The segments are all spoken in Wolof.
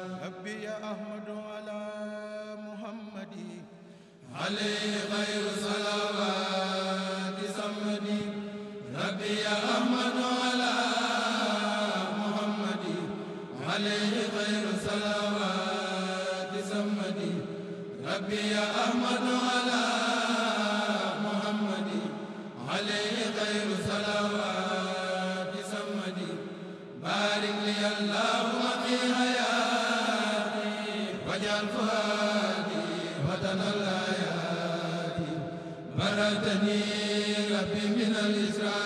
ربي يا أحمد على محمد عليه خير صلوات سمدي ربي يا أحمد على محمد عليه خير صلوات سمدي ربي يا أحمد على محمد عليه خير صلوات سمدي بارك لي اللهم في حياتي واجعل فؤادي وطن الليالي مرتني ربي من الإسرائيل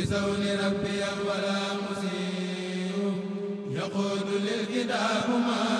بزون ربي الولا مسيء يقود للكتاب ما